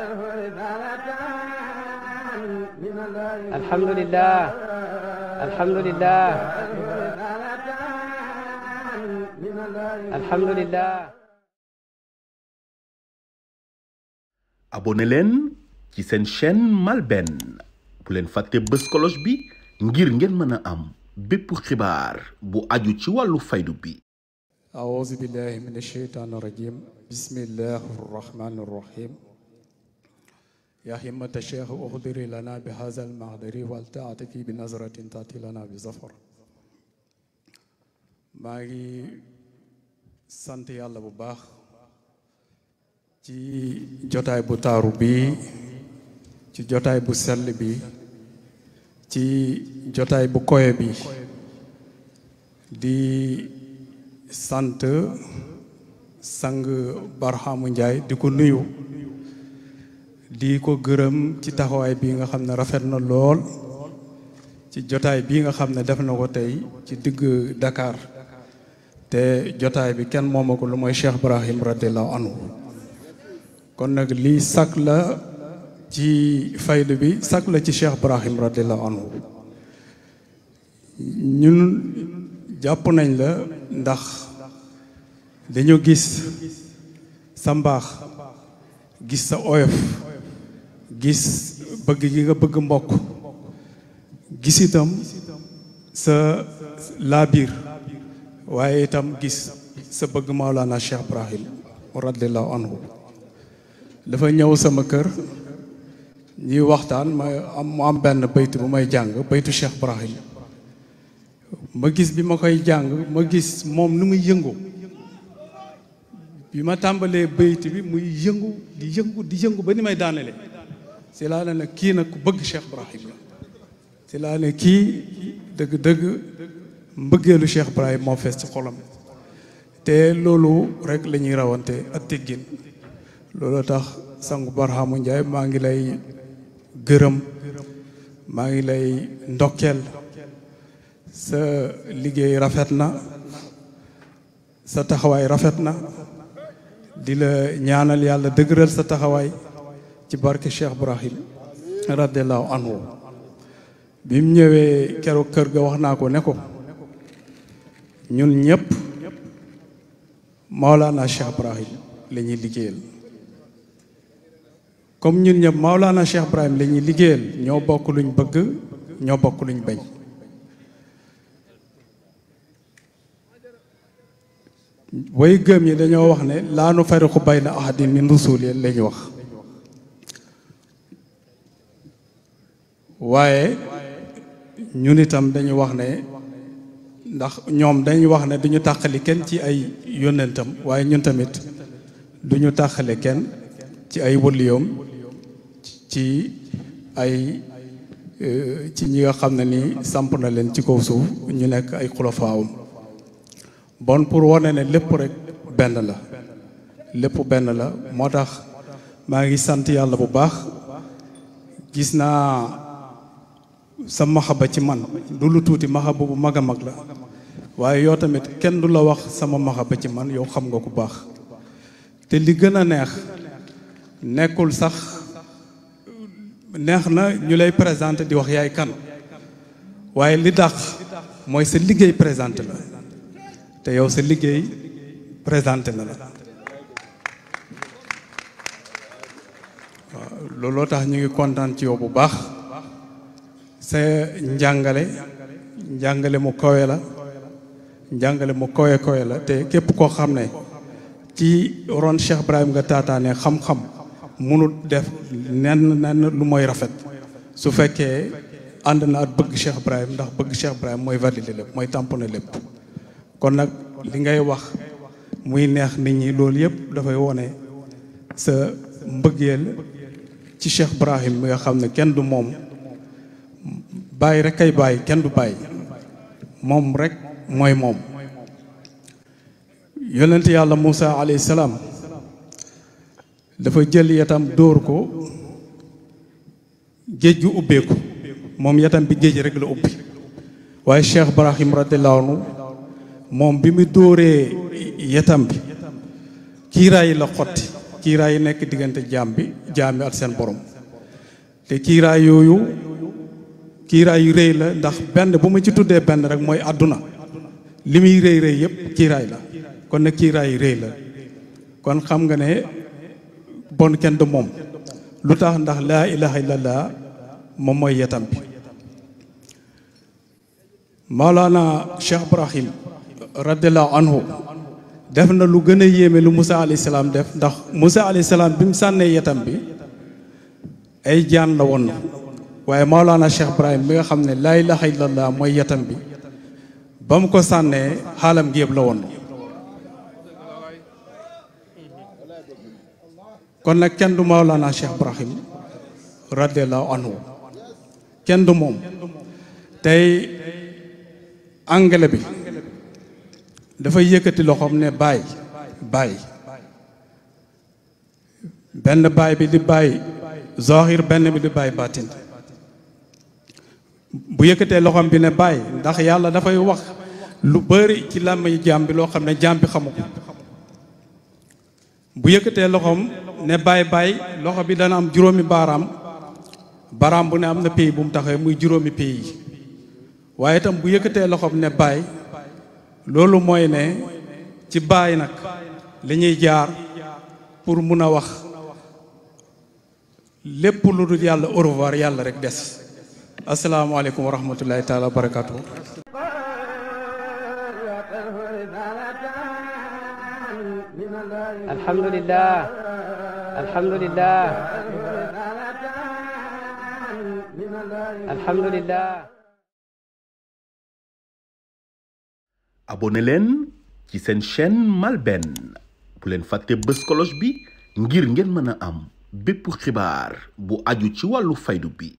alhamdulilah alhamdulilah alhamdulilah. abonné leen ci seen chaîne MALBN bu leen fàtte bës cloche bi ngir ngeen mën a am bépp xibaar bu aju ci wàllu faydu bi. a'uuzu billahi mina shaytaani rajiim bismillahi rahmaani rahiim. يا همة الشيخ أخبري لنا بهذا المعذري والتعاطفي بنظرة تأتي لنا بظفر maa ngi sant yàlla bu baax ci jotaay bu taaru bi ci jotaay bu sell bi ci jotaay bu koye bi di sant sang Barhamu Njaay di ko nuyu di ko gërëm ci taxawaay bi nga xam ne rafet na lool ci jotaay bi nga xam ne def na ko tey ci digg dakaar te jotaay bi kenn mooma ko lu mooy Cheikh Ibrahim radiallahu anhu kon nag lii sàkk la ci faydu bi sàkk la ci Cheikh Ibrahim radiallahu anhu ñun jàpp nañ la ndax dañu gis sa mbaax gis sa oyof gis bëgg gi nga bëgg mbokk gis itam sa laabiir waaye itam gis sa bëgg Maolana Cheikh Ibrahim radiyallahu anhu dafa ñëw sama kër ñuy waxtaan ma am mu am benn baytu bu may jàng baytu Cheikh Ibrahim ma gis bi ma koy jàng ma gis moom nu muy yëngu bi ma tàmbalee baytu bi muy yëngu di yëngu di yëngu ba ni may daanele si laa ne nag kii nag ku bëgg Cheikh Ibrahim la si laa ne kii dëgg-dëgg mbëggeelu Cheikh Ibrahim moo fees ci xolam te loolu rekk lañuy rawante ak teggin loolu tax sangu Barhamu Ndiaye maa ngi lay gërëm maa ngi lay ndokkeel sa liggéey rafet na sa taxawaay rafet na di la ñaanal yàlla dëgëral sa taxawaay ci barke Cheikh Ibrahim radiallahu anhu bi mu ñëwee keroog kër ga wax naa ko ne ko ñun ñëpp Maolana Cheikh Ibrahim la liggéeyal comme ñun ñëpp Maolana Cheikh Ibrahim lañuy ñuy liggéeyal ñoo bokk luñ bëgg ñoo bokk luñ bañ way gëm yi dañoo wax ne laa nu fariqu bayna ahadin min rusulihi la ñu wax waaye ñun itam dañu wax ne ndax ñoom dañuy wax ne duñu tàqali kenn ci ay yónnentam waaye ñun tamit duñu tàqale kenn ci ay wëliyoom ci ay euh, ci ñi nga xam ne ni samp na leen ci kaw suuf ñu nekk ay xulafaawum bon pour wone ne lépp rek benn la lépp benn la moo tax maa ngi sant yàlla bu baax gis naa sa maxa ba ci man du lu tuuti ba bu mag a mag la waaye yoo tamit kenn du la wax sama maxa ba ci man yow xam nga ku baax te li gën a neex nekkul sax neex na ñu lay présenté di wax yaay kan waaye li dàq mooy sa liggéey présenté la te yow sa liggéey présenté na la looloo tax ñu ngi kontaan ci yow bu baax sa njàngale njàngale mu kawe la njàngale mu kawe kawe la te képp koo xam ne ci ron Cheikh Ibrahim nga taataane xam-xam munul def nenn nenn lu mooy rafet su fekkee ànd na ak bëgg Cheikh Ibrahim ndax bëgg Cheikh Ibrahim mooy valider lépp mooy tamponné lépp kon nag li ngay wax muy neex nit ñi loolu yëpp dafay wone sa mbëggeel ci Cheikh Ibrahim mi nga xam ne kenn du moom bàyyi rek kay bàyyi kenn du bàyyi moom rek mooy moom yonent yàlla Moussa alayhi salaam dafa jël yatam dóor ko géej gu ubbeeku moom yatam bi géej rek la ubbi waaye Cheikh Ibrahim radiyallahu anhu moom bi mu dóoree yatam bi kiiraay la xotti kiiraay yi nekk diggante jaam bi jaam bi ak seen borom te kiiraay yooyu kiiraay yu rëy la ndax benn bu ma ci tuddee benn rek mooy àdduna li muy rëy rëy yëpp kiiraay la kon nag kiiraay réy la kon xam nga ne bon kenn moom lu tax ndax laa ilaha illallah moom mooy yetam bi maolaana cheikh ibrahim radiallahu anhu def na lu gën a yéeme lu moussa alayhi salaam def ndax moussa alayhi salaam bi mu sànnee yetam bi ay jaan la woon na waaye Maolana Cheikh Ibrahim bi nga xam ne laa ilaha illallah mooy yatam bi ba mu ko sànnee xaalam gi yëpp la woon kon nag kenn du Maolana Cheikh Ibrahim radiallahu anhu kenn du moom tey angale bi dafay yëkkati loxoom ne baay baay benn baay bi di baay zahir benn bi di baay baatin bu yëkkatee loxoom bi ne bàyyi ndax yàlla dafay wax lu bari ci làmmiñu jaam bi loo xam ne jaam bi xamu ko bu yëkkatee loxoom ne bàyyi loxo bi dana am juróomi baaraam baaraam bu ne am na pays bu mu taxee muy juróomi pays yi waaye itam bu yëkkatee loxoom ne bàyyi loolu mooy ne ci bàyyi nag li ñuy jaar pour mun a wax lépp lu dul yàlla au yàlla rek des asalaamaaleykum wa rahmatullahi taala wa barakaatu. leen ci seen chaîne MALBN bu leen fàtte bës cloche bi ngir ngeen mën a am bépp xibaar bu aju ci wàllu faydu bi.